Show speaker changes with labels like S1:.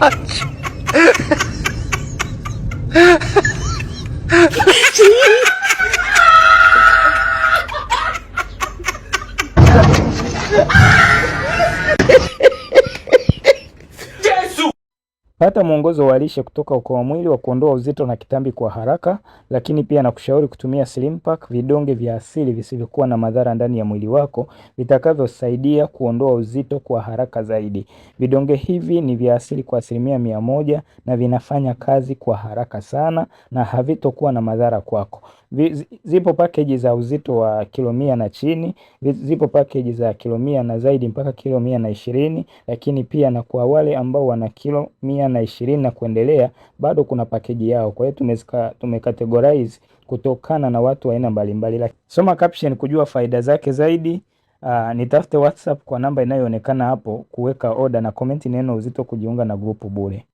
S1: Ah! Pata mwongozo wa lishe kutoka Okoa Mwili wa kuondoa uzito na kitambi kwa haraka, lakini pia nakushauri kutumia Slim Pack, vidonge vya asili visivyokuwa na madhara ndani ya mwili wako vitakavyosaidia kuondoa uzito kwa haraka zaidi. Vidonge hivi ni vya asili kwa asilimia mia moja na vinafanya kazi kwa haraka sana na havitokuwa na madhara kwako. Zipo package za uzito wa kilo mia na chini, zipo package za kilo mia na zaidi mpaka kilo mia na ishirini, lakini pia na kwa wale ambao wana kilo mia na ishirini na kuendelea bado kuna package yao. Kwa hiyo tumekategorize kutokana na watu wa aina mbalimbali. Soma caption kujua faida zake zaidi. Uh, nitafute WhatsApp kwa namba inayoonekana hapo kuweka oda na komenti neno uzito kujiunga na grupu bure.